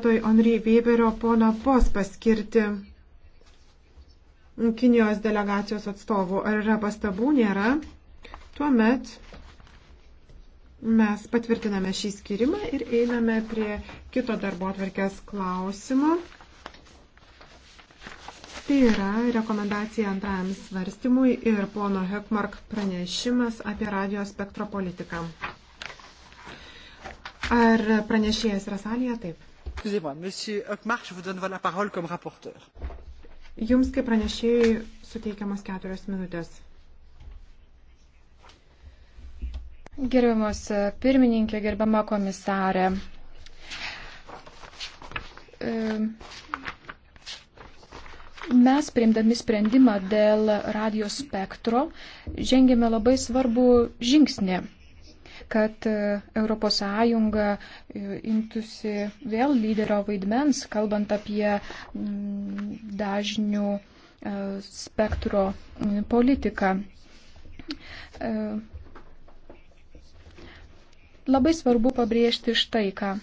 vietoj Henri Weberio pona pos paskirti Kinijos delegacijos atstovų. Ar yra pastabų? Nėra. Tuomet mes patvirtiname šį skirimą ir einame prie kito darbo atvarkės klausimo. Tai yra rekomendacija antrajam svarstymui ir pono Hekmark pranešimas apie radio spektro politiką. Ar pranešėjas yra salėje? Taip. Jums kaip pranešėjai suteikiamas keturios minutės. Gerbiamas pirmininkė, gerbiama komisarė. E, mes, priimdami sprendimą dėl radio spektro, žengėme labai svarbų žingsnį kad ES e, imtųsi vėl lyderio vaidmens, kalbant apie mm, dažnių e, spektro politiką. E, labai svarbu pabrėžti štai ką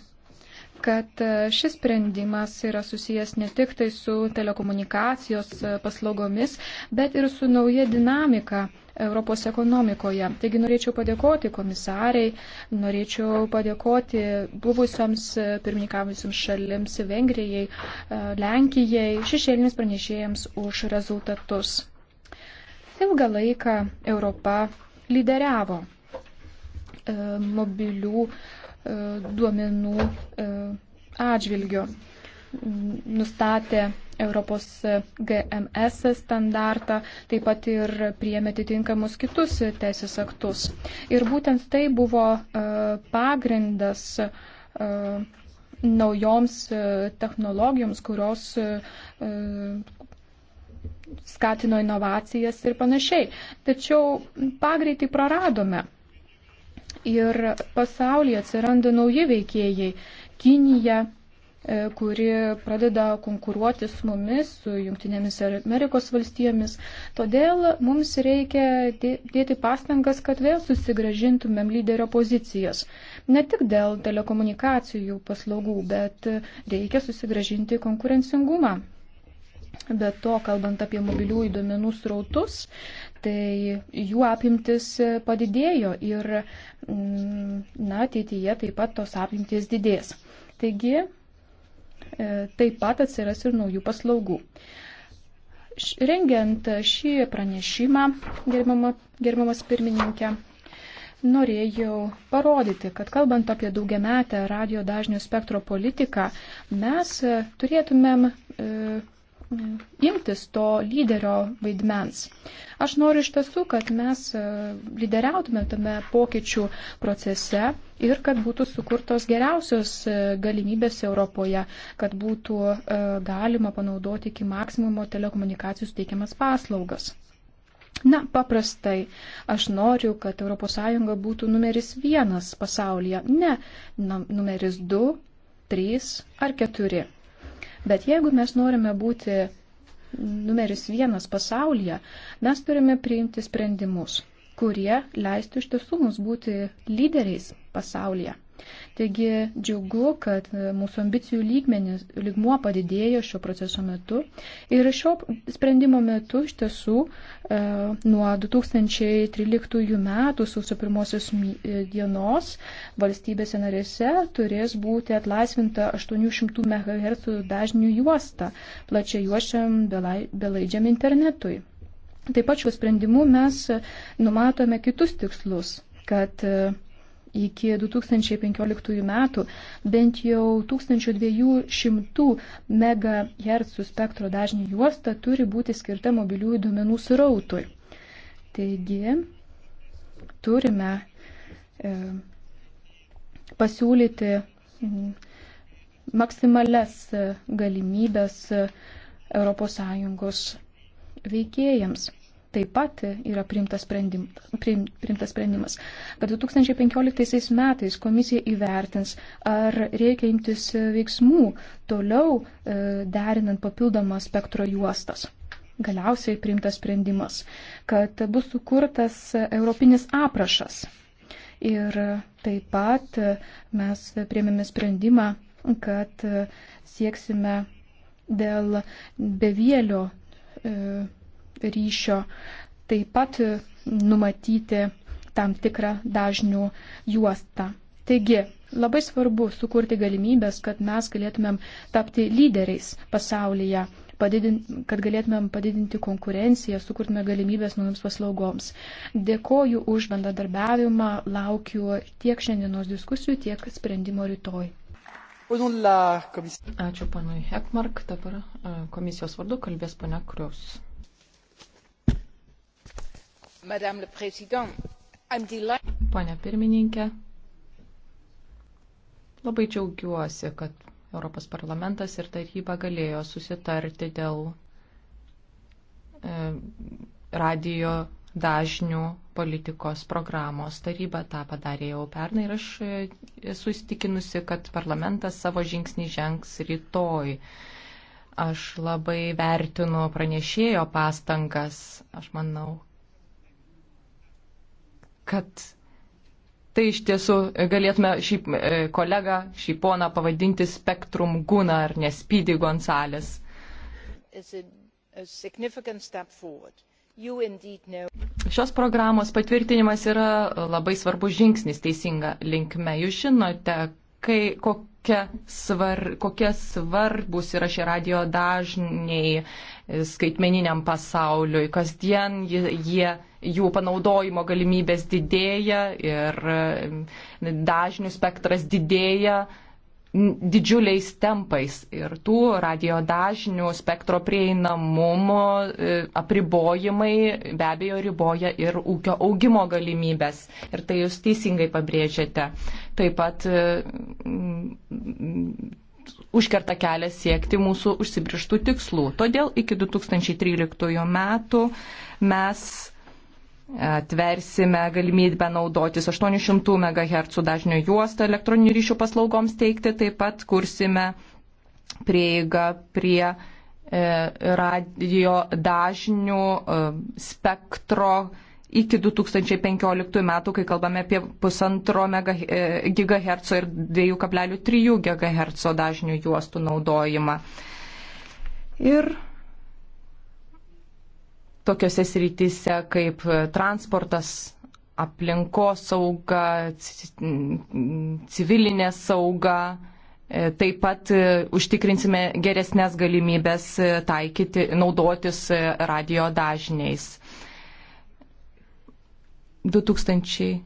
kad e, šis sprendimas yra susijęs ne tik tai su telekomunikacijos e, paslaugomis, bet ir su nauja dinamika Europos ekonomikoje. Taigi norėčiau padėkoti komisariai, norėčiau padėkoti buvusioms e, pirmininkavusioms šalims Vengrijai, Lenkijai, šešėlinis pranešėjams už rezultatus. Ilgą laiką Europa lyderiavo mobilių E, duomenų e, atžvilgiu. Nustatė Europos GMS standartą, taip pat ir priėmė atitinkamus kitus teisės aktus. Ir būtent tai buvo e, pagrindas naujoms technologijoms, kurios skatino inovacijas ir panašiai. Tačiau pagreitį praradome ir pasaulyje atsiranda nauji veikėjai. Kinija, e, kuri pradeda konkuruoti su mumis, su Junktinėmis Amerikos valstijomis. Todėl mums reikia dėti pastangas, kad vėl susigražintumėm lyderio pozicijas. Ne tik dėl telekomunikacijų paslaugų, bet reikia susigražinti konkurencingumą. Be to, kalbant apie mobiliųjų duomenų srautus, tai jų apimtis padidėjo ir mm, na, ateityje taip pat tos apimtis didės. Taigi e, taip pat atsiras ir naujų paslaugų. Rengiant šį pranešimą, gerbama, gerbamas pirmininkė, norėjau parodyti, kad kalbant apie daugiametę radio dažnių spektro politiką, mes turėtumėm e, imtis to lyderio vaidmens. Aš noriu iš tiesų, kad mes e, lyderiautume tame pokyčių procese ir kad būtų sukurtos geriausios e, galimybės Europoje, kad būtų e, galima panaudoti iki maksimumo telekomunikacijų teikiamas paslaugas. Na, paprastai, aš noriu, kad ES būtų numeris vienas pasaulyje, ne na, numeris du, trys ar keturi. Bet jeigu mes norime būti numeris vienas pasaulyje, mes turime priimti sprendimus, kurie leistų iš tiesų mums būti lyderiais pasaulyje. Taigi džiugu, kad mūsų ambicijų lygmenis, lygmuo padidėjo šio proceso metu ir šio sprendimo metu iš tiesų e, nuo 2013 metų sausio pirmosios e, dienos valstybėse narėse turės būti atlaisvinta 800 MHz dažnių juosta plačia juošiam belaidžiam internetui. Taip pat šiuo sprendimu mes numatome kitus tikslus, kad e, iki 2015 metų bent jau 1200 MHz spektro dažnių juosta turi būti skirta mobiliųjų duomenų srautui. Taigi, turime e, pasiūlyti maksimales galimybės ES veikėjams taip pat yra priimtas, sprendim, priim, priimtas sprendimas, kad 2015 metais komisija įvertins, ar reikia imtis veiksmų toliau e, derinant papildomą spektro juostas. Galiausiai priimtas sprendimas, kad bus sukurtas europinis aprašas. Ir taip pat mes priemėme sprendimą, kad sieksime dėl bevėlio e, ryšio, taip pat numatyti tam tikrą dažnių juostą. Taigi, labai svarbu sukurti galimybės, kad mes galėtumėm tapti lyderiais pasaulyje, padidin, kad galėtumėm padidinti konkurenciją, sukurtume galimybės naujoms paslaugoms. Dėkoju už bendradarbiavimą, laukiu tiek šiandienos diskusijų, tiek sprendimo rytoj. Ačiū panui Hekmark, dabar e, komisijos vardu kalbės pane Krius. Pone pirmininkė, labai džiaugiuosi, kad Europos parlamentas ir taryba galėjo susitarti dėl e, radio dažnių politikos programos. Taryba tą padarė jau pernai ir aš esu įstikinusi, kad parlamentas savo žingsnį žengs rytoj. Aš labai vertinu pranešėjo pastangas. Aš manau, kad tai iš tiesų e, galėtume šį e, kolegą, šį poną pavadinti Spektrum Guna ar Nespydį Gonzalės. Šios programos patvirtinimas yra labai svarbus žingsnis teisinga linkme. Jūs žinote, kai, kokia svar, kokie svarbus yra šie radio dažniai e, skaitmeniniam pasauliui. Kasdien jie, jų panaudojimo galimybės didėja ir e, dažnių spektras didėja didžiuliais tempais ir tų radio dažnių spektro prieinamumo e, apribojimai be abejo riboja ir ūkio augimo galimybės. Ir tai jūs teisingai pabrėžėte. Taip pat e, užkerta kelią siekti mūsų užsibrištų tikslų. Todėl iki 2013 metų mes atversime galimybę naudotis 800 MHz dažnio juostą elektroninių ryšių paslaugoms teikti, taip pat kursime prieigą prie e, radio dažnių e, spektro iki 2015 metų, kai kalbame apie pusantro GHz e, ir 2,3 GHz dažnių juostų naudojimą. Ir tokiose srityse kaip transportas, aplinkos sauga, civilinė sauga. E, taip pat e, užtikrinsime geresnės galimybės e, taikyti, naudotis radio dažniais. 2012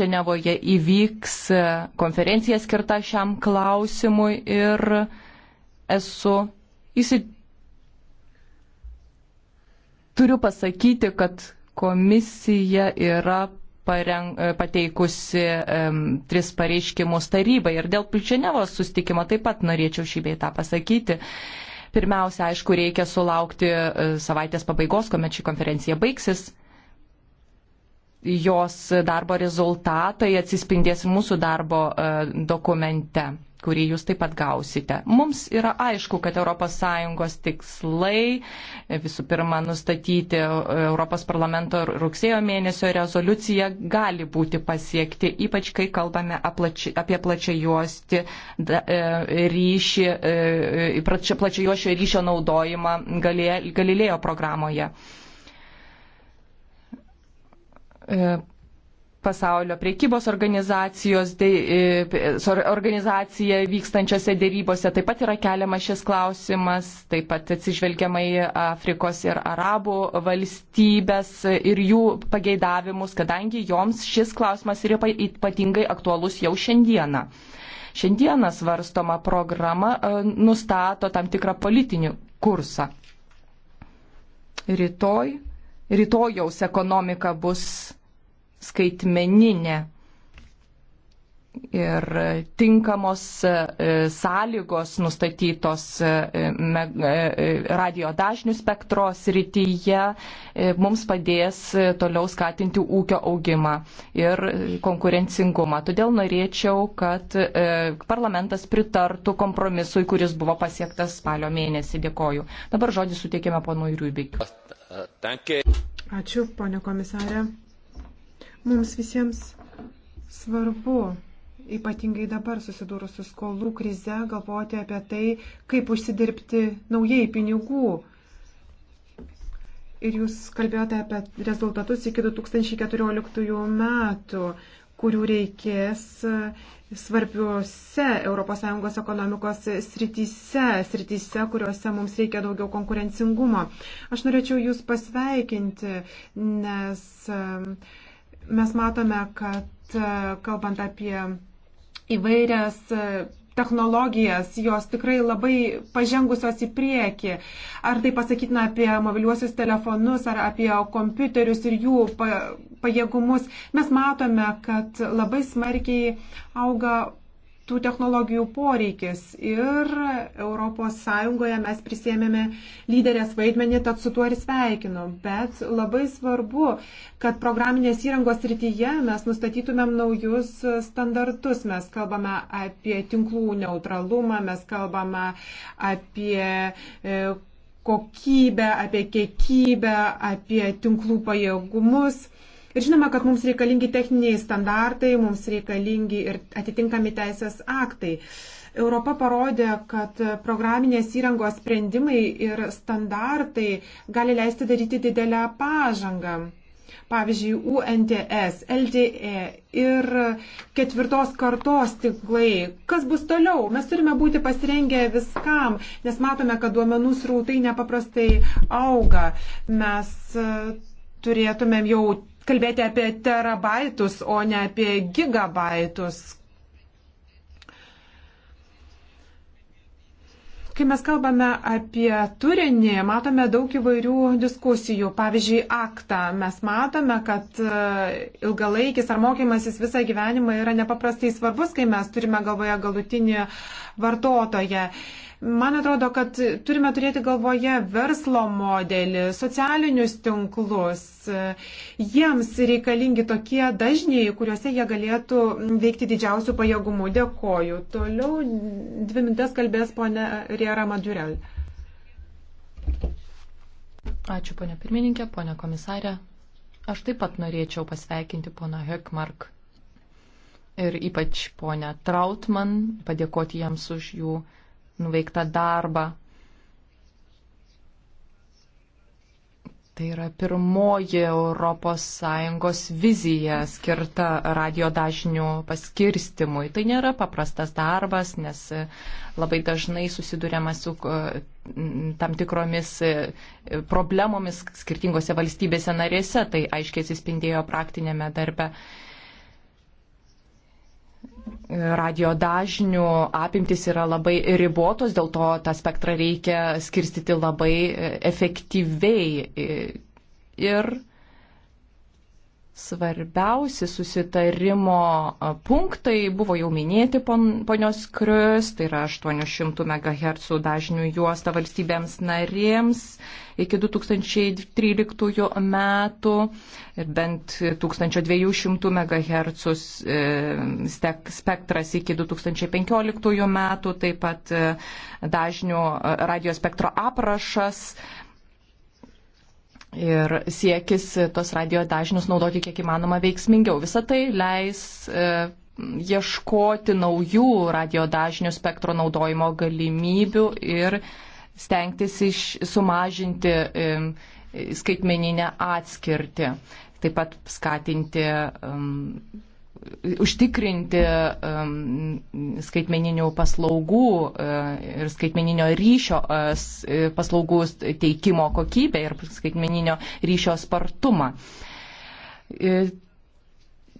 Ženevoje įvyks konferencija skirta šiam klausimui ir esu įsitikinęs Turiu pasakyti, kad komisija yra pareng, e, pateikusi um, tris pareiškimus tarybai ir dėl Pilčinevos sustikimo taip pat norėčiau šį bei tą pasakyti. Pirmiausia, aišku, reikia sulaukti e, savaitės pabaigos, kuomet ši konferencija baigsis. Jos darbo rezultatai atsispindės mūsų darbo e, dokumente kurį jūs taip pat gausite. Mums yra aišku, kad ES tikslai e, visų pirma nustatyti e, Europos parlamento rugsėjo mėnesio rezoliuciją gali būti pasiekti, ypač kai kalbame apie plačiajuosti e, ryšį, plačiajuošio ryšio naudojimą Galilėjo programoje pasaulio priekybos organizacijos de, e, organizacija vykstančiose dėrybose taip pat yra keliamas šis klausimas, taip pat atsižvelgiama į Afrikos ir Arabų valstybės ir jų pageidavimus, kadangi joms šis klausimas yra ypatingai aktualus jau šiandieną. Šiandieną svarstoma programa e, nustato tam tikrą politinį kursą. Rytoj, rytojaus ekonomika bus skaitmeninė. Ir tinkamos e, sąlygos nustatytos e, e, radio dažnių spektros rytyje mums padės toliau skatinti ūkio augimą ir konkurencingumą. Todėl norėčiau, kad parlamentas pritartų kompromisui, kuris buvo pasiektas spalio mėnesį. Dėkoju. Dabar žodį suteikėme ponui Rybik. Ačiū, ponė komisarė. Mums visiems svarbu ypatingai dabar susidūrus su skolų krize, galvoti apie tai, kaip užsidirbti naujai pinigų. Ir jūs kalbėjote apie rezultatus iki 2014 metų, kurių reikės svarbiuose ES ekonomikos srityse, srityse, kuriuose mums reikia daugiau konkurencingumo. Aš norėčiau jūs pasveikinti, nes uh, Mes matome, kad e, kalbant apie įvairias e, technologijas, jos tikrai labai pažengusios į priekį. Ar tai pasakytina apie mobiliuosius telefonus, ar apie kompiuterius ir jų pajėgumus. Mes matome, kad labai smarkiai auga tų technologijų poreikis ir ES mes prisėmėme lyderės vaidmenį, tad su tuo ir sveikinu. Bet labai svarbu, kad programinės įrangos rytyje mes nustatytumėm naujus standartus. Mes kalbame apie tinklų neutralumą, mes kalbame apie e, kokybę, apie kiekybę, apie tinklų pajėgumus. Ir žinoma, kad mums reikalingi techniniai standartai, mums reikalingi ir atitinkami teisės aktai. Europa parodė, kad programinės įrangos sprendimai ir standartai gali leisti daryti didelę pažangą. Pavyzdžiui, UNTS, LDE ir ketvirtos kartos tinklai. Kas bus toliau? Mes turime būti pasirengę viskam, nes matome, kad duomenų srautai nepaprastai auga. Mes e, turėtumėm jau kalbėti apie terabaitus, o ne apie gigabaitus. Kai mes kalbame apie turinį, matome daug įvairių diskusijų. Pavyzdžiui, aktą. Mes matome, kad e, ilgalaikis ar mokymasis visą gyvenimą yra nepaprastai svarbus, kai mes turime galvoje galutinį vartotoją. Man atrodo, kad turime turėti galvoje verslo modelį, socialinius tinklus. Jiems reikalingi tokie dažniai, kuriuose jie galėtų veikti didžiausių pajėgumų. Dėkoju. Toliau dvi mintes kalbės ponė Riera Madurel. Ačiū, ponė pirmininkė, ponė komisarė. Aš taip pat norėčiau pasveikinti poną Hökmark ir ypač ponę Trautman, padėkoti jiems už jų nuveiktą darbą. Tai yra pirmoji ES vizija skirta radio dažnių paskirstimui. Tai nėra paprastas darbas, nes labai dažnai susidurėma su e, tam tikromis e, problemomis skirtingose valstybėse narėse. Tai aiškiai atsispindėjo praktinėme darbe radio dažnių apimtis yra labai ribotos, dėl to tą spektrą reikia skirstyti labai e, efektyviai. E, ir Svarbiausi susitarimo punktai buvo jau minėti ponios Krius, tai yra 800 MHz dažnių juosta valstybėms narėms iki 2013 metų ir bent 1200 MHz e, spektras iki 2015 metų, taip pat e, dažnių e, radio spektro aprašas ir siekis tos radio dažnius naudoti kiek įmanoma veiksmingiau. Visą tai leis e, ieškoti naujų radio dažnių spektro naudojimo galimybių ir stengtis iš, sumažinti e, skaitmeninę atskirtį, taip pat skatinti um, užtikrinti um, skaitmeninių paslaugų uh, ir skaitmeninio ryšio uh, uh paslaugų teikimo kokybę ir skaitmeninio ryšio spartumą. Uh,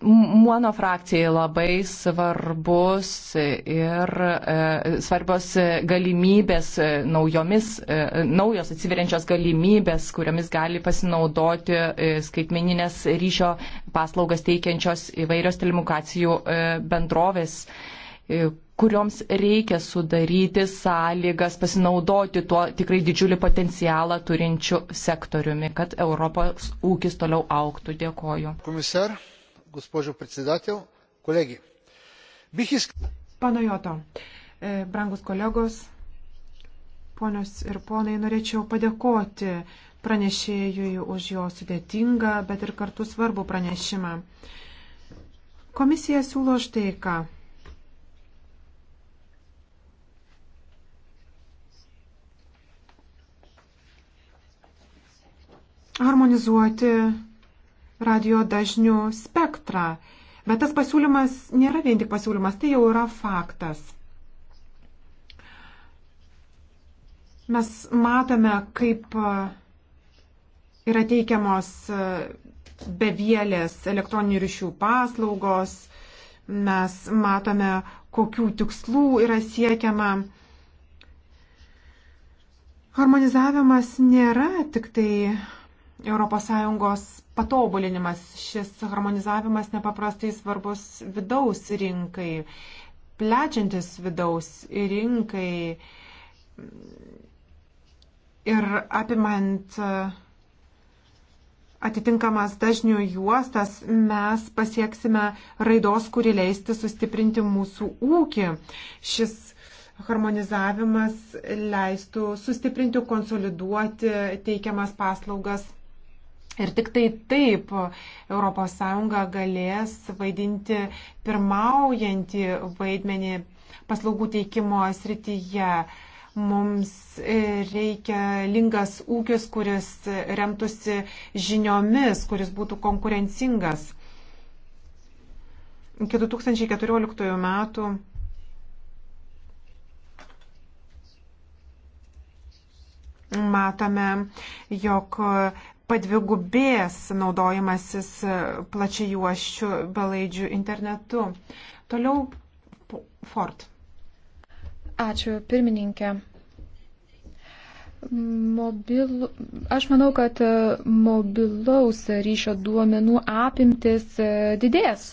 mano frakcijai labai svarbus ir e, svarbios galimybės, naujomis, e, naujos atsiveriančios galimybės, kuriomis gali pasinaudoti e, skaitmeninės ryšio paslaugas teikiančios įvairios telekomunikacijų e, bendrovės e, kurioms reikia sudaryti sąlygas pasinaudoti tuo tikrai didžiulį potencialą turinčiu sektoriumi, kad Europos ūkis toliau auktų. Dėkoju. Komisar госпожо председател, колеги. Бих искал. Pana Joto, brangus kolegos, ponios ir ponai, norėčiau padėkoti pranešėjui už jo sudėtingą, bet ir kartu svarbų pranešimą. Komisija siūlo štai ką. Harmonizuoti radio dažnių spektrą. Bet tas pasiūlymas nėra vien tik pasiūlymas, tai jau yra faktas. Mes matome, kaip e, yra teikiamos e, bevėlės elektroninių ryšių paslaugos, mes matome, kokių tikslų yra siekiama. Harmonizavimas nėra tik tai ES patobulinimas. Šis harmonizavimas nepaprastai svarbus vidaus rinkai, plečiantis vidaus rinkai ir apimant e, atitinkamas dažnių juostas mes pasieksime raidos, kuri leisti sustiprinti mūsų ūkį. Šis harmonizavimas leistų sustiprinti, konsoliduoti teikiamas paslaugas Ir tik tai taip ES galės vaidinti pirmaujantį vaidmenį paslaugų teikimo srityje. Mums reikia lingas ūkis, kuris remtųsi žiniomis, kuris būtų konkurencingas. Iki 2014 metų matome, jog padvigubės naudojimasis plačiai juoščių belaidžių internetu. Toliau Ford. Ačiū, pirmininkė. Mobil... Aš manau, kad mobilaus ryšio duomenų apimtis didės,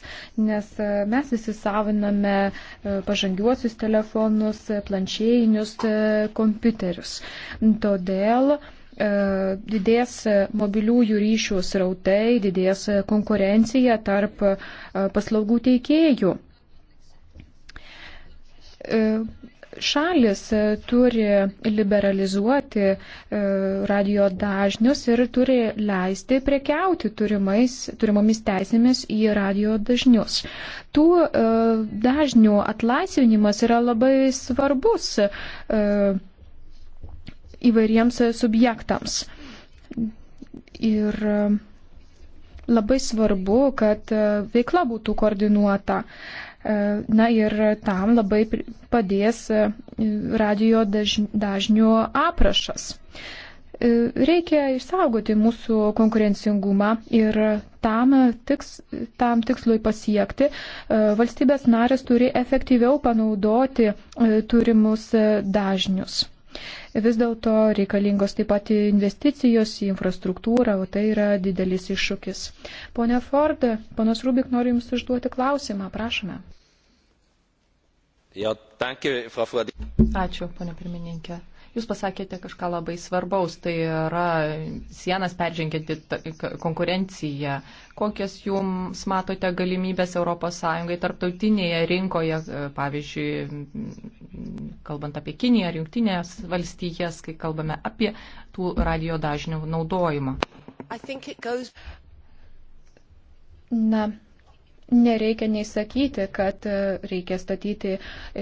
nes mes visi saviname pažangiuosius telefonus, planšėjinius kompiuterius. Todėl uh, E, didės mobiliųjų ryšių srautai, didės konkurencija tarp e, paslaugų teikėjų. E, šalis turi liberalizuoti radio dažnius ir turi leisti prekiauti turimais, turimomis teisėmis į radio dažnius. Tų dažnių atlaisvinimas yra labai svarbus įvairiems subjektams. Ir e, labai svarbu, kad e, veikla būtų koordinuota. E, na ir tam labai padės radio dažnių aprašas. Reikia išsaugoti mūsų konkurencingumą ir tam, tiks, tam tikslui pasiekti valstybės narės turi efektyviau panaudoti turimus dažnius. Vis dėlto reikalingos taip pat investicijos į infrastruktūrą, o tai yra didelis iššūkis. Pone Ford, ponas Rubik nori Jums užduoti klausimą, prašome. Jo, you, Ačiū, ponė pirmininkė. Jūs pasakėte kažką labai svarbaus, tai yra sienas peržengianti konkurencija. Kokias jums matote galimybės ES tarptautinėje rinkoje, e, pavyzdžiui, kalbant apie Kiniją ar Junktinės valstijas, kai kalbame apie tų radio dažnių naudojimą? Goes... Na, nereikia nei sakyti, kad e, reikia statyti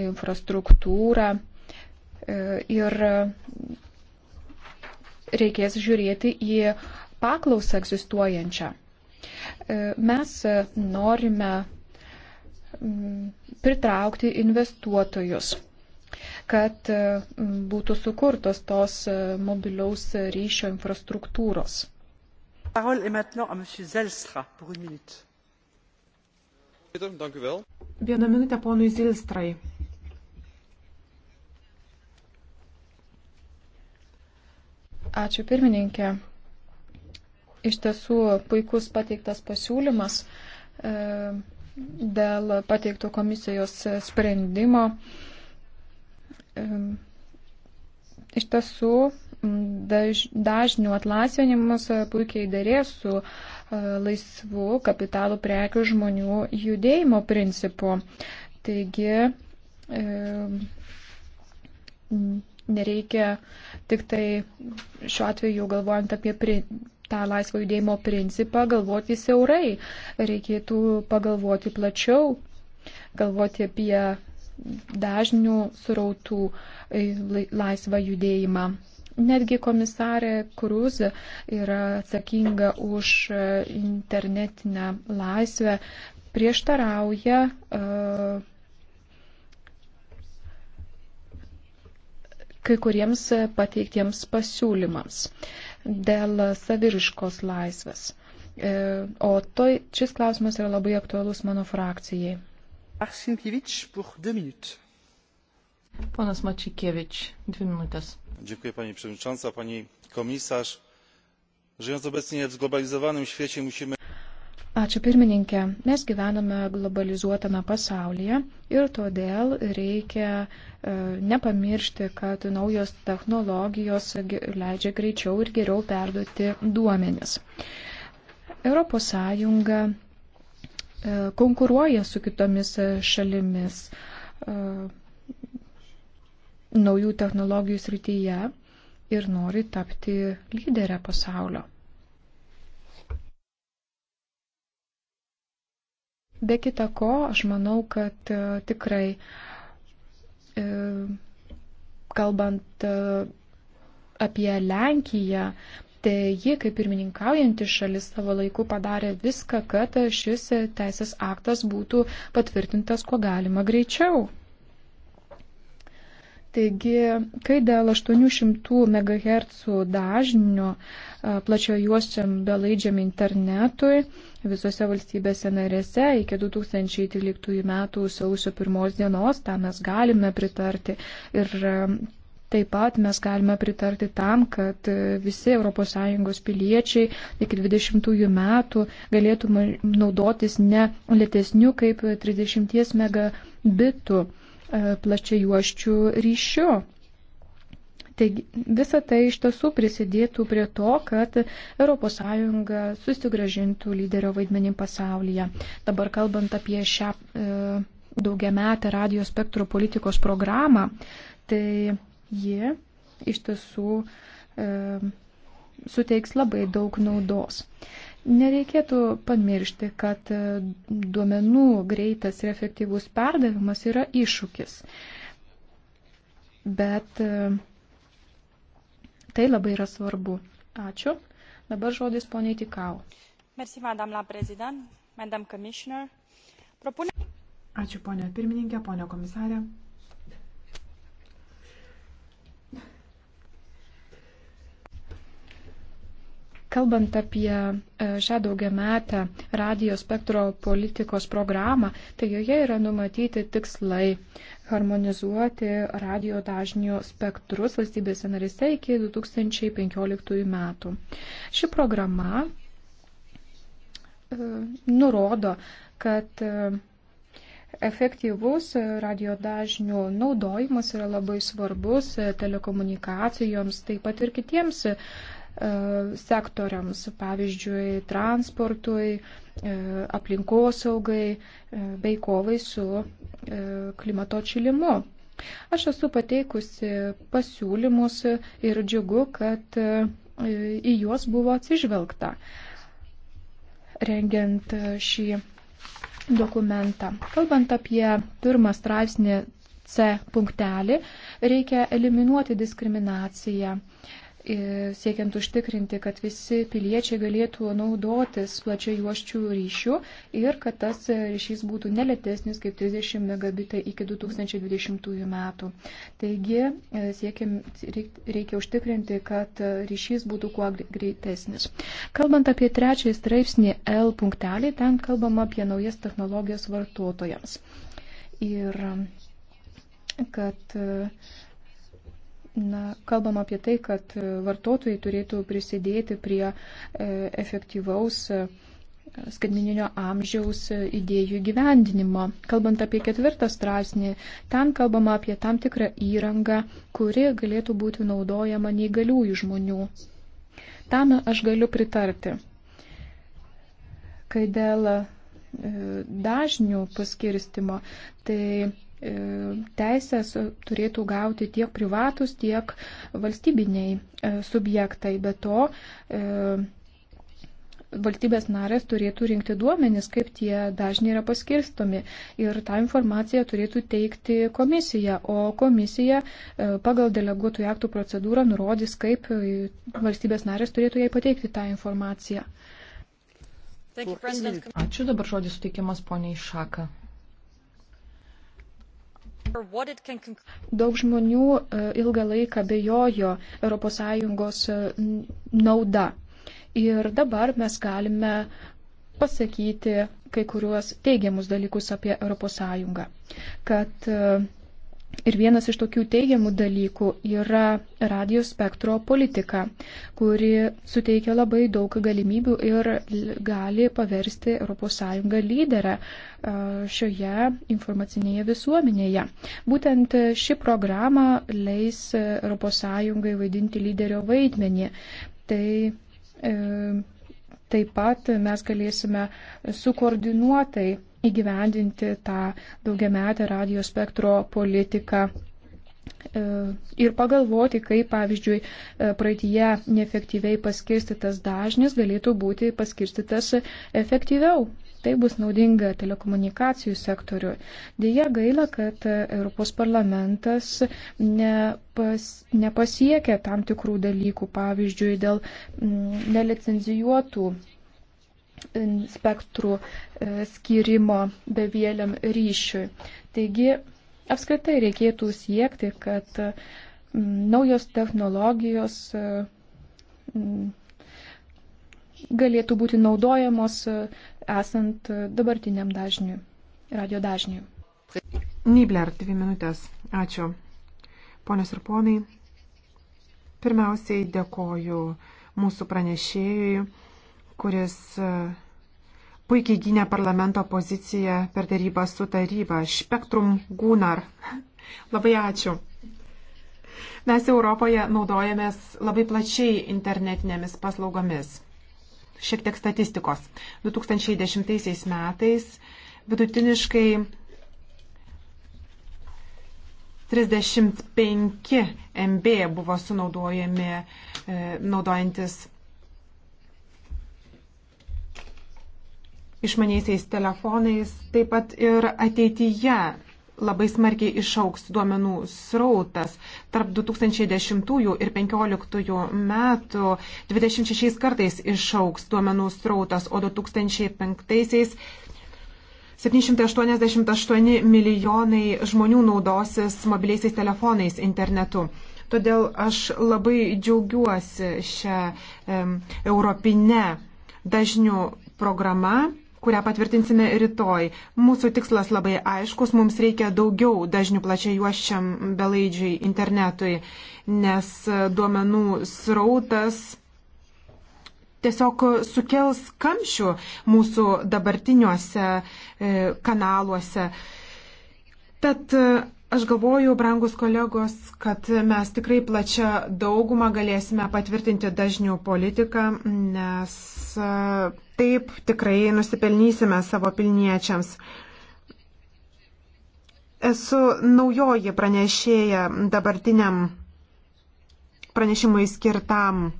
infrastruktūrą ir reikės žiūrėti į paklausą egzistuojančią. Mes norime mm, pritraukti investuotojus, kad mm, būtų sukurtos tos mm, mobiliaus ryšio infrastruktūros. Vieną minutę ponui Zilstrai. Ačiū pirmininkė. Iš tiesų puikus pateiktas pasiūlymas e, dėl pateikto komisijos sprendimo. E, iš tiesų daž, dažnių atlasvinimas puikiai dėrės su e, laisvu kapitalų prekių žmonių judėjimo principu. Taigi, e, nereikia tik tai šiuo atveju galvojant apie pri, tą laisvo judėjimo principą galvoti siaurai. Reikėtų pagalvoti plačiau, galvoti apie dažnių surautų e, laisvą judėjimą. Netgi komisarė Kruz yra atsakinga už e, internetinę laisvę, prieštarauja uh, kai kuriems pateiktiems pasiūlymams dėl saviriškos laisvės. E, o to, šis klausimas yra labai aktualus mano frakcijai. Ponas Mačikievič, dvi minutės. Dziękuję Pani Przewodnicząca, Pani Komisarz. Żyjąc obecnie w zglobalizowanym świecie musimy Ačiū pirmininkė. Mes gyvename globalizuotame pasaulyje ir todėl reikia e, nepamiršti, kad naujos technologijos leidžia greičiau ir geriau perduoti duomenis. ES e, konkuruoja su kitomis šalimis e, naujų technologijų srityje ir nori tapti lyderę pasaulio. Be kita ko, aš manau, kad e, tikrai, e, kalbant e, apie Lenkiją, tai ji, kaip pirmininkaujanti šalis, savo laiku padarė viską, kad šis teisės aktas būtų patvirtintas kuo galima greičiau. Taigi, kai dėl 800 MHz dažnio plačiojuosiam belaidžiam internetui visose valstybėse narėse iki 2013 metų sausio pirmos dienos, tą mes galime pritarti. Ir Taip pat mes galime pritarti tam, kad visi ES piliečiai iki 20 metų galėtų naudotis ne lėtesniu kaip 30 megabitų E, plačia juoščių ryšiu. Taigi visa tai iš tiesų prisidėtų prie to, kad ES susigražintų lyderio vaidmenį pasaulyje. Dabar kalbant apie šią e, daugiametę radio spektro politikos programą, tai ji iš tiesų e, suteiks labai daug naudos. E, Nereikėtų pamiršti, kad e, duomenų greitas ir efektyvus perdavimas yra iššūkis. Bet e, tai labai yra svarbu. Ačiū. Dabar žodis poniai Tikau. Merci, madame la prezident, madame commissioner. Propone... Ačiū, ponia pirmininkė, ponia komisarė. Kalbant apie e, šią daugiametę radio spektro politikos programą, tai joje yra numatyti tikslai harmonizuoti radio dažnių spektrus valstybėse narise iki 2015 metų. Ši programa e, nurodo, kad e, efektyvus radio dažnių naudojimas yra labai svarbus telekomunikacijoms, taip pat ir kitiems E, sektoriams, pavyzdžiui, transportui, e, aplinkosaugai e, bei kovai su klimato atšilimu. Aš esu pateikusi pasiūlymus ir džiugu, kad į juos buvo atsižvelgta, rengiant šį dokumentą. Kalbant apie pirmą straipsnį C punktelį, reikia eliminuoti diskriminaciją. E, siekiant užtikrinti, kad visi piliečiai galėtų naudotis plačia juoščių ryšių ir kad tas ryšys būtų nelėtesnis kaip 30 megabitai iki 2020 metų. Taigi e, siekiam, reikia užtikrinti, kad ryšys būtų kuo greitesnis. Kalbant apie trečiąjį straipsnį L punktelį, ten kalbama apie naujas technologijas vartotojams. Ir kad uh, Na, kalbam apie tai, kad e, vartotojai turėtų prisidėti prie e, efektyvaus e, skaitmininio amžiaus e, idėjų gyvendinimo. Kalbant apie ketvirtą straipsnį, ten kalbama apie tam tikrą įrangą, kuri galėtų būti naudojama neįgaliųjų žmonių. Tam aš galiu pritarti, kai dėl e, dažnių paskirstimo, tai E, teisės turėtų gauti tiek privatus, tiek valstybiniai e, subjektai. Be to, e, valstybės narės turėtų rinkti duomenis, kaip tie dažniai yra paskirstomi. Ir tą informaciją turėtų teikti komisija, o komisija pagal deleguotų aktų procedūrą nurodys, kaip valstybės narės turėtų jai pateikti tą informaciją. Ačiū, dabar žodis suteikiamas poniai Šaka. Daug žmonių e, ilgą laiką bejojo ES e, nauda. Ir dabar mes galime pasakyti kai kuriuos teigiamus dalykus apie ES. Kad e, Ir vienas iš tokių teigiamų dalykų yra radio spektro politika, kuri suteikia labai daug galimybių ir gali paversti ES lyderę šioje informacinėje visuomenėje. Būtent ši programa leis ES vaidinti lyderio vaidmenį. Tai e, taip pat mes galėsime sukoordinuotai įgyvendinti tą daugiametę radio spektro politiką. E, ir pagalvoti, kaip, pavyzdžiui, e, praeitie neefektyviai paskirstytas dažnis galėtų būti paskirstytas efektyviau. Tai bus naudinga telekomunikacijų sektoriui. Deja gaila, kad Europos parlamentas nepas, nepasiekė tam tikrų dalykų, pavyzdžiui, dėl nelicenzijuotų spektrų e, skirimo bevėliam ryšiui. Taigi, apskritai reikėtų siekti, kad naujos technologijos e, galėtų būti naudojamos e, esant dabartiniam dažniui, radio dažniui. Nibler, dvi minutės. Ačiū. Ponios ir ponai, pirmiausiai dėkoju mūsų pranešėjui kuris e, puikiai gynė parlamento poziciją per darybą su taryba. Spektrum Gunar. Labai ačiū. Mes Europoje naudojamės labai plačiai internetinėmis paslaugomis. Šiek tiek statistikos. 2010 metais vidutiniškai 35 MB buvo sunaudojami e, naudojantis išmaniaisiais telefonais, taip pat ir ateityje labai smarkiai išauks duomenų srautas. Tarp 2010 ir 2015 metų 26 kartais išauks duomenų srautas, o 2005 788 milijonai žmonių naudosis mobiliaisiais telefonais internetu. Todėl aš labai džiaugiuosi šią um, europinę dažnių programą kurią patvirtinsime rytoj. Mūsų tikslas labai aiškus, mums reikia daugiau dažnių plačiai juoščiam belaidžiai internetui, nes e, duomenų srautas tiesiog sukels kamščių mūsų dabartiniuose e, kanaluose. Tad e, aš galvoju, brangus kolegos, kad mes tikrai plačią daugumą galėsime patvirtinti dažnių politiką, nes taip tikrai nusipelnysime savo pilniečiams. Esu naujoji pranešėja dabartiniam pranešimui skirtam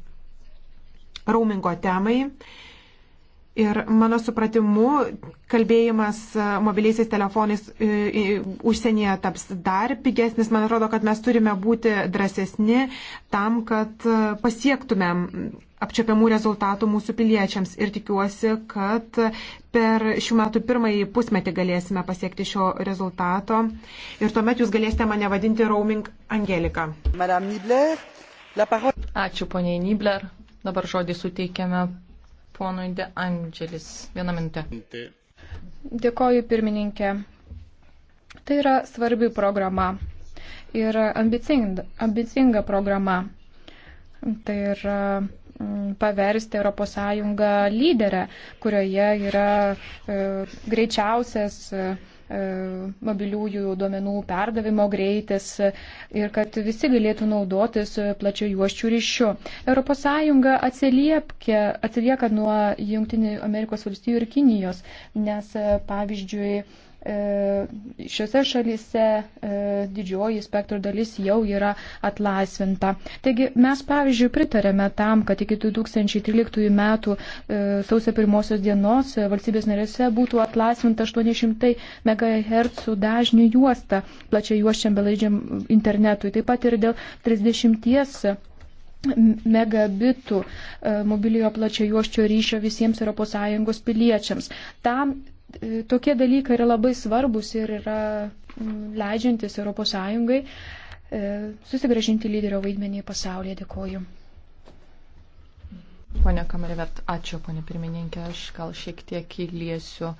raumingo temai. Ir mano supratimu, kalbėjimas mobiliaisiais telefonais e, e, užsienyje taps dar pigesnis. Man atrodo, kad mes turime būti drąsesni tam, kad e, pasiektumėm apčiapiamų rezultatų mūsų piliečiams ir tikiuosi, kad per šių metų pirmąjį pusmetį galėsime pasiekti šio rezultato ir tuomet jūs galėsite mane vadinti Roaming Angelika. Ačiū poniai Nibler. Dabar žodį suteikiame ponui De Angelis. Vieną minutę. Dėkoju pirmininkė. Tai yra svarbi programa ir ambicinga, ambicinga programa. Tai yra Mm, paversti ES lyderę, kurioje yra e, greičiausias e, e, mobiliųjų duomenų perdavimo greitis ir kad visi galėtų naudotis plačiu juoščių ryšiu. ES atsilieka nuo JAV ir Kinijos, nes pavyzdžiui, E, šiuose šalyse e, didžioji spektro dalis jau yra atlaisvinta. Taigi mes, pavyzdžiui, pritarėme tam, kad iki 2013 metų e, sausio pirmosios dienos valstybės narėse būtų atlaisvinta 800 MHz dažnių juosta plačiai juoščiam belaidžiam internetui. Taip pat ir dėl 30 megabitų mobiliojo plačiojuoščio ryšio visiems ES piliečiams. Tam tokie dalykai yra labai svarbus ir yra mm, leidžiantis ES e, susigražinti lyderio vaidmenį pasaulyje. Dėkoju. Pone Kamerivert, ačiū, pone pirmininkė, aš gal šiek tiek įliesiu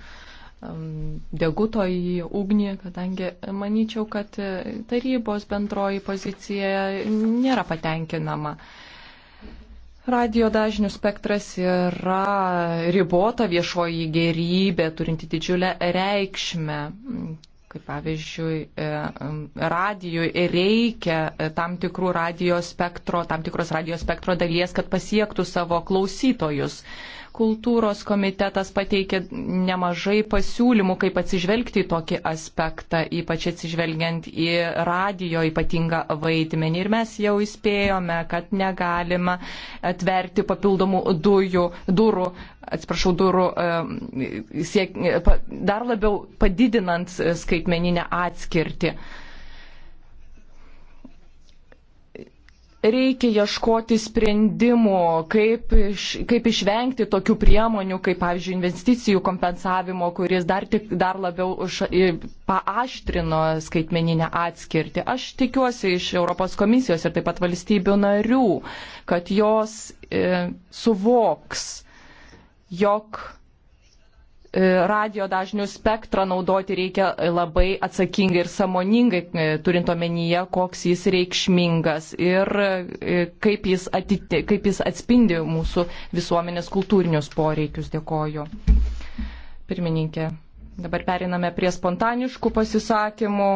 deguto į ugnį, kadangi manyčiau, kad e, tarybos bendroji pozicija nėra patenkinama. Radio dažnių spektras yra ribota viešoji gerybė, turinti didžiulę reikšmę. Kaip pavyzdžiui, e, radijui reikia tam, radio spektro, tam tikros radio spektro dalies, kad pasiektų savo klausytojus. Kultūros komitetas pateikė nemažai pasiūlymų, kaip atsižvelgti į tokį aspektą, ypač atsižvelgiant į radijo ypatingą vaidmenį. Ir mes jau įspėjome, kad negalima atverti papildomų dujų, durų, atsiprašau, durų, siek, dar labiau padidinant skaitmeninę atskirtį. reikia ieškoti sprendimų, kaip, iš, kaip išvengti tokių priemonių, kaip, pavyzdžiui, investicijų kompensavimo, kuris dar, tik, dar labiau už, paaštrino skaitmeninę atskirtį. Aš tikiuosi iš Europos komisijos ir taip pat valstybių narių, kad jos e, suvoks, jog E, radio dažnių spektrą naudoti reikia labai atsakingai ir samoningai, e, turint omenyje, koks jis reikšmingas ir e, kaip jis, atiti, kaip jis atspindi mūsų visuomenės kultūrinius poreikius. Dėkoju. Pirmininkė. Dabar periname prie spontaniškų pasisakymų,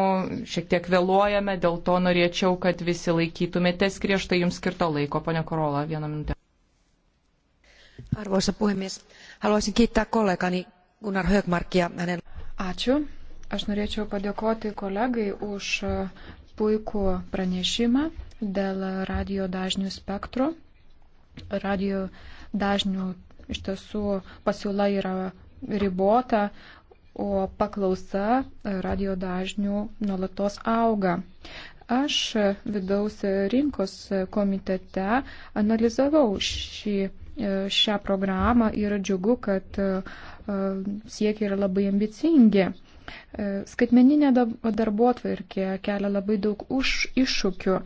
šiek tiek vėluojame, dėl to norėčiau, kad visi laikytumėtės griežtai jums skirto laiko. Pone Korola, vieną minutę. Arvoisa puhemies, haluaisin kiittää kollegani Gunnar Högmark ja hänen... Ačiū. Aš norėčiau padėkoti kolegai už e, puikų pranešimą dėl radio dažnių spektro. Radio dažnių iš tiesų pasiūla yra ribota, o paklausa radio dažnių nuolatos auga. Aš vidaus rinkos komitete analizavau šį E, šią programą ir džiugu, kad e, e, siekiai yra labai ambicingi. Skaitmeninė darbo atvarkė kelia labai daug už iššūkių.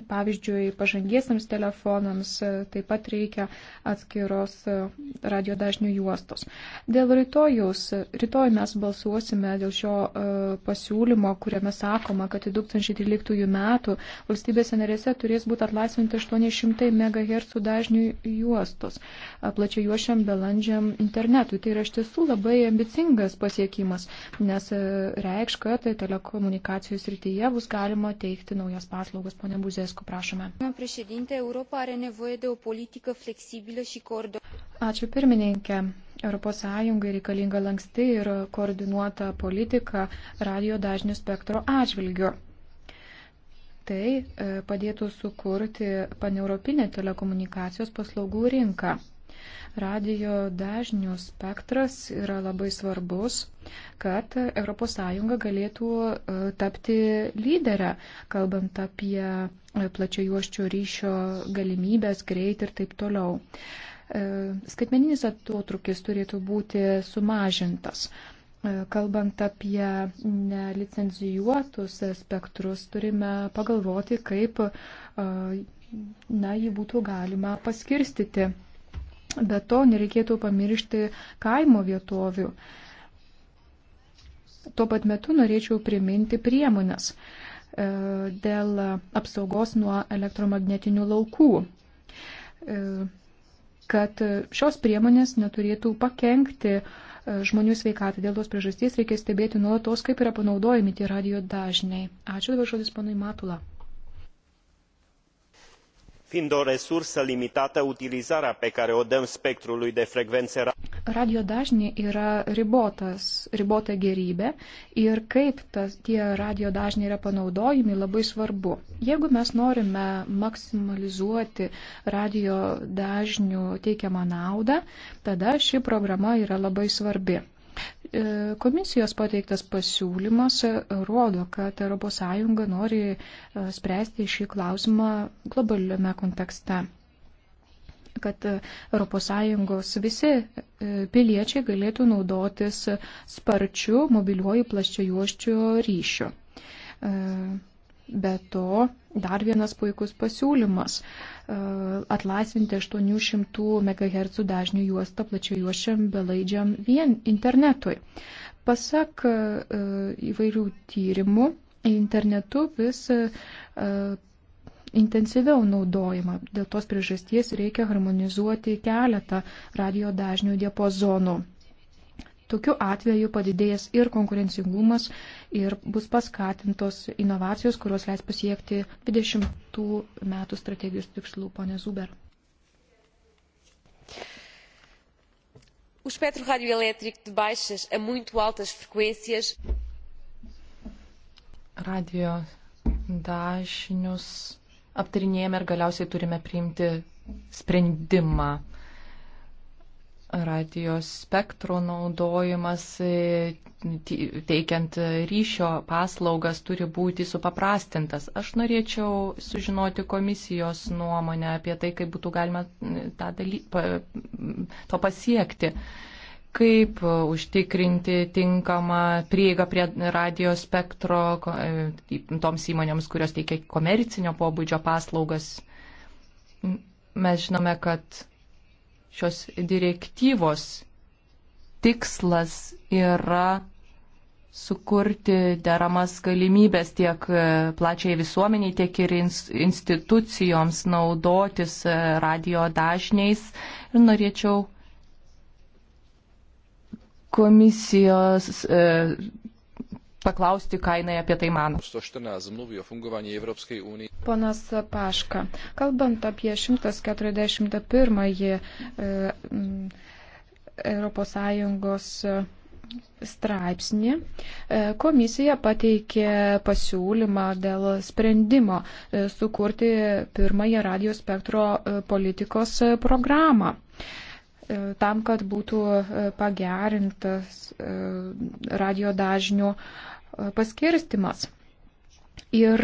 Pavyzdžiui, pažangiesiams telefonams e, taip pat reikia atskiros e, radio dažnių juostos. Dėl rytojaus, rytoj mes balsuosime dėl šio e, pasiūlymo, kuriame sakoma, kad 2013 metų valstybėse narėse turės būti atlaisvinti 800 MHz dažnių juostos plačio juošiam belandžiam internetui. Tai yra iš tiesų labai ambicingas pasiekimas, nes reikš, kad telekomunikacijos rytyje bus galima teikti naujas paslaugas, ponia Buzė. Bazescu, prašome. Ačiū pirmininkė. ES reikalinga lanksti ir koordinuota politika radio dažnių spektro atžvilgiu. Tai e, padėtų sukurti paneuropinę telekomunikacijos paslaugų rinką radio dažnių spektras yra labai svarbus, kad ES galėtų e, tapti lyderę, kalbant apie e, plačiojuoščio ryšio galimybės, greit ir taip toliau. E, skaitmeninis atotrukis turėtų būti sumažintas. Kalbant apie nelicenzijuotus spektrus, turime pagalvoti, kaip na, jį būtų galima paskirstyti. Be to nereikėtų pamiršti kaimo vietovių. Tuo pat metu norėčiau priminti priemonės e, dėl apsaugos nuo elektromagnetinių laukų, e, kad šios priemonės neturėtų pakenkti e, žmonių sveikatą. Dėl tos priežasties reikia stebėti nuolatos, kaip yra panaudojami tie radio dažniai. Ačiū dabar žodis panui Matula fiind o resursă limitată utilizarea pe care o dăm spectrului de frecvențe Radio dažnį yra ribotas, ribota gerybė ir kaip tas, tie radio dažniai yra panaudojami labai svarbu. Jeigu mes norime maksimalizuoti radio dažnių teikiamą naudą, tada ši programa yra labai svarbi. E, komisijos pateiktas pasiūlymas rodo, kad ES nori e, spręsti šį klausimą globaliame kontekste kad ES visi e, piliečiai galėtų naudotis sparčiu mobiliuoju plaščiojuoščiu ryšiu. Be to, dar vienas puikus pasiūlymas e, - atlaisvinti 800 MHz dažnių juostą plačio juošiam belaidžiam vien internetui. Pasak e, įvairių tyrimų, internetu vis e, intensyviau naudojama. Dėl tos priežasties reikia harmonizuoti keletą radio dažnių diapazonų. Tokiu atveju padidėjęs ir konkurencingumas ir bus paskatintos inovacijos, kurios leis pasiekti 20 metų strategijos tikslų, ponė Zuber. O espectro radioelétrico de baixas a muito altas frequências. Radio dažnius aptarinėjame ir galiausiai turime priimti sprendimą radijos spektro naudojimas e, teikiant ryšio paslaugas turi būti supaprastintas. Aš norėčiau sužinoti komisijos nuomonę apie tai, kaip būtų galima daly, pa, to pasiekti. Kaip užtikrinti tinkamą prieigą prie radio spektro e, toms įmonėms, kurios teikia komercinio pobūdžio paslaugas. Mes žinome, kad šios direktyvos tikslas yra sukurti deramas galimybės tiek plačiai visuomeniai, tiek ir institucijoms naudotis radio dažniais. Ir norėčiau komisijos paklausti, ką jinai apie tai mano. Ponas Paška, kalbant apie 141-ąjį ES mm, e, straipsnį, e, komisija pateikė pasiūlymą dėl sprendimo e, sukurti pirmąją radio spektro politikos programą. E, tam, kad būtų e, pagerintas e, radio dažnių paskirstimas. Ir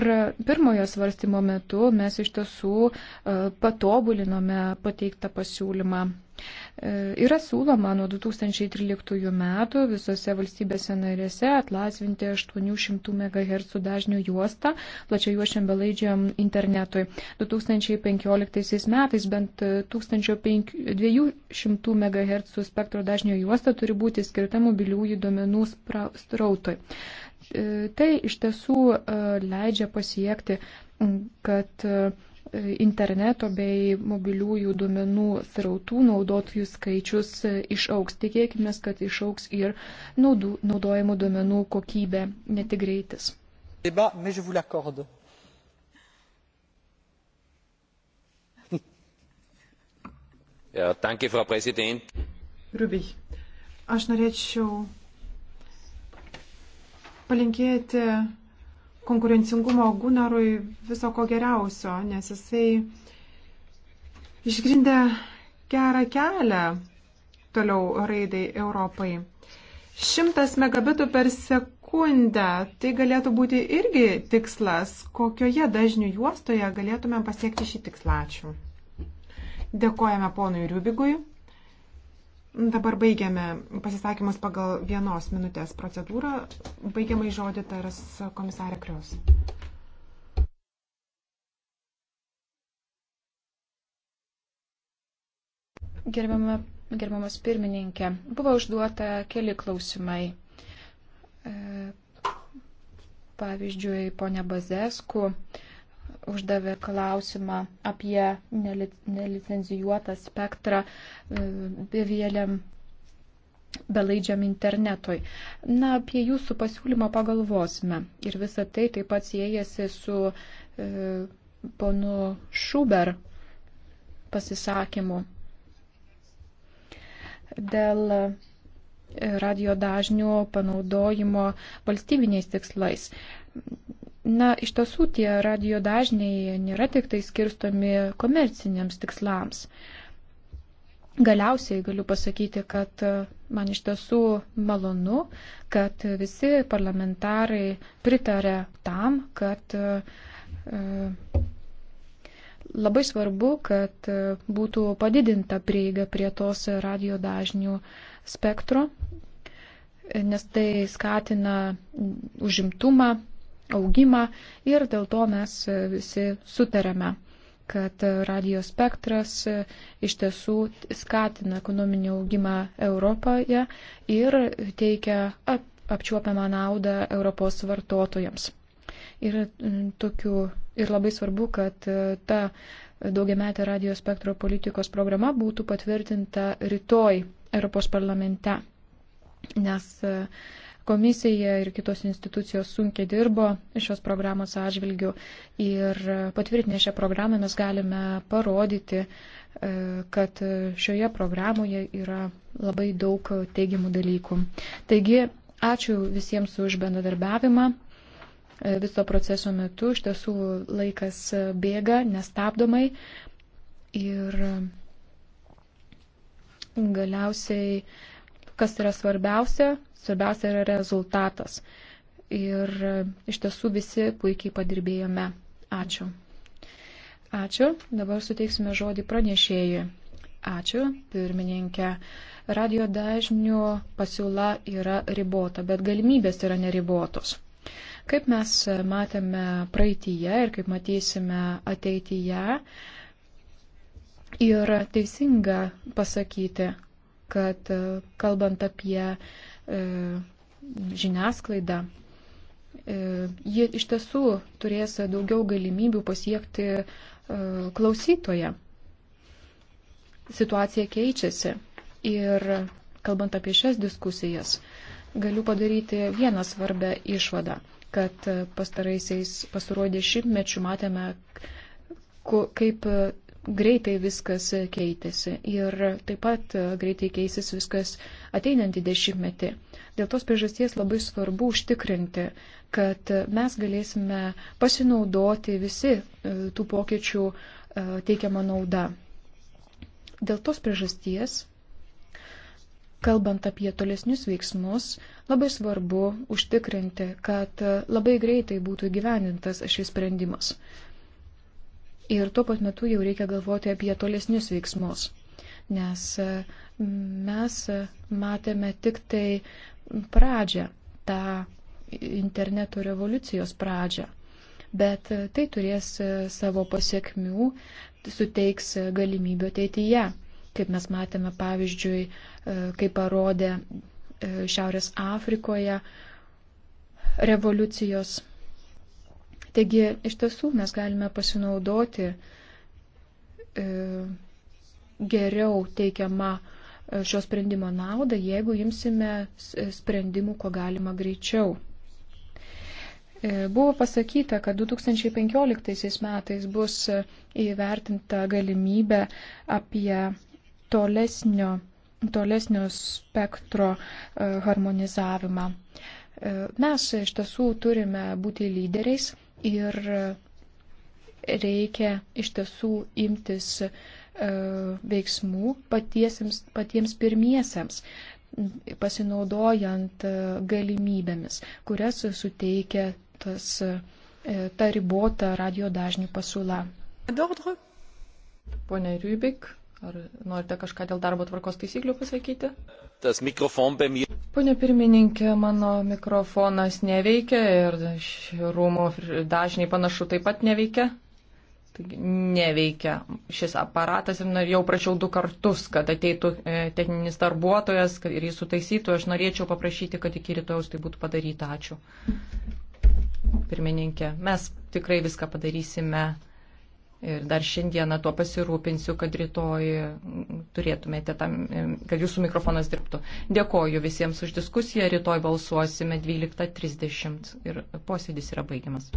pirmojo svarstymo metu mes iš tiesų patobulinome pateiktą pasiūlymą E, yra siūloma nuo 2013 metų visose valstybėse narėse atlasvinti 800 MHz dažnių juostą plačia juošiam belaidžiam internetui. 2015 metais bent 1200 MHz spektro dažnių juosta turi būti skirta mobiliųjų duomenų strautui. E, tai iš tiesų e, leidžia pasiekti, kad interneto bei mobiliųjų duomenų srautų naudotojų skaičius išauks. Tikėkime, kad išauks ir naudų, naudojimų duomenų kokybė, ne tik greitis. Deba, ja, danke, Frau Präsident. Rubi, aš norėčiau palinkėti konkurencingumo Gunarui viso ko geriausio, nes jisai išgrindė gerą kelią toliau raidai Europai. 100 megabitų per sekundę, tai galėtų būti irgi tikslas, kokioje dažnių juostoje galėtumėm pasiekti šį tikslą. Ačiū. Dėkojame ponui Riubigui. Dabar baigiame pasisakymus pagal vienos minutės procedūrą. Baigiamai žodį taras komisarė Krius. Gerbiama, gerbiamas pirmininkė, buvo užduota keli klausimai. E, pavyzdžiui, ponia Bazesku. E, uždavė klausimą apie nelicenzijuotą spektrą e, bevėliam belaidžiam internetui. Na, apie jūsų pasiūlymą pagalvosime. Ir visa tai taip pat siejasi su e, ponu Šuber pasisakymu dėl e, radio dažnių panaudojimo valstybiniais tikslais Na, iš tiesų tie radio dažniai nėra tik tai skirstomi komerciniams tikslams. Galiausiai galiu pasakyti, kad e, man iš tiesų malonu, kad visi parlamentarai pritarė tam, kad e, e, labai svarbu, kad būtų padidinta prieiga prie tos radio dažnių spektro, nes tai skatina užimtumą, augimą ir dėl to mes visi sutarėme kad radio spektras e, iš tiesų skatina ekonominį augimą Europoje ir teikia apčiuopiamą naudą Europos vartotojams. Ir, tokiu, ir labai svarbu, kad e, ta daugiametė radio spektro politikos programa būtų patvirtinta rytoj Europos parlamente, nes e, Komisija ir kitos institucijos sunkiai dirbo šios programos atžvilgių ir patvirtinę šią programą mes galime parodyti, e, kad šioje programoje yra labai daug teigiamų dalykų. Taigi, ačiū visiems už bendradarbiavimą e, viso proceso metu. Iš tiesų laikas bėga nestabdomai ir galiausiai, kas yra svarbiausia, Svarbiausia yra rezultatas. Ir e, iš tiesų visi puikiai padirbėjome. Ačiū. Ačiū. Dabar suteiksime žodį pranešėjui. Ačiū, pirmininkė. Radio dažnių pasiūla yra ribota, bet galimybės yra neribotos. Kaip mes matėme praeitįje ir kaip matysime ateityje, yra teisinga pasakyti, kad e, kalbant apie E, žiniasklaida, e, jie iš tiesų turės daugiau galimybių pasiekti e, klausytoje. Situacija keičiasi ir kalbant apie šias diskusijas, galiu padaryti vieną svarbę išvadą, kad pastaraisiais pasirodė šimtmečių matėme, kaip greitai viskas keitėsi ir taip pat greitai keisis viskas ateinantį dešimtmetį. Dėl tos priežasties labai svarbu užtikrinti, kad mes galėsime pasinaudoti visi e, tų pokyčių e, teikiamą naudą. Dėl tos priežasties, kalbant apie tolesnius veiksmus, labai svarbu užtikrinti, kad labai greitai būtų įgyvendintas šis sprendimas. Ir tuo pat metu jau reikia galvoti apie tolesnius veiksmus, nes e, mes e, matėme tik tai pradžią, tą interneto revoliucijos pradžią. Bet e, tai turės savo pasiekmių, suteiks galimybę ateityje. Kaip mes matėme, pavyzdžiui, kaip parodė Šiaurės Afrikoje revoliucijos Taigi, iš tiesų mes galime pasinaudoti e, geriau teikiamą e, šio sprendimo naudą, jeigu imsime e, sprendimų, ko galima greičiau. E, buvo pasakyta, kad 2015 metais bus įvertinta galimybė apie tolesnio, tolesnio spektro harmonizavimą. Mes iš tiesų turime būti lyderiais ir reikia iš tiesų imtis e, veiksmų patiesiems, patiems pirmiesiems, pasinaudojant e, galimybėmis, kurias suteikia tas, e, ta ribota radio dažnių pasiūla. Pone Rybik. Ar norite kažką dėl darbo tvarkos taisyklių pasakyti? Pone pirmininkė, mano mikrofonas neveikia ir rūmų dažniai panašu taip pat neveikia. Taigi neveikia šis aparatas ir jau prašiau du kartus, kad ateitų e, techninis darbuotojas ir jis sutaisytų. Aš norėčiau paprašyti, kad iki rytojaus tai būtų padaryta. Ačiū. Pirmininkė, mes tikrai viską padarysime Ir dar šiandieną tuo pasirūpinsiu, kad rytoj turėtumėte tam, kad jūsų mikrofonas dirbtų. Dėkoju visiems už diskusiją, rytoj balsuosime 12.30 ir posėdis yra baigiamas.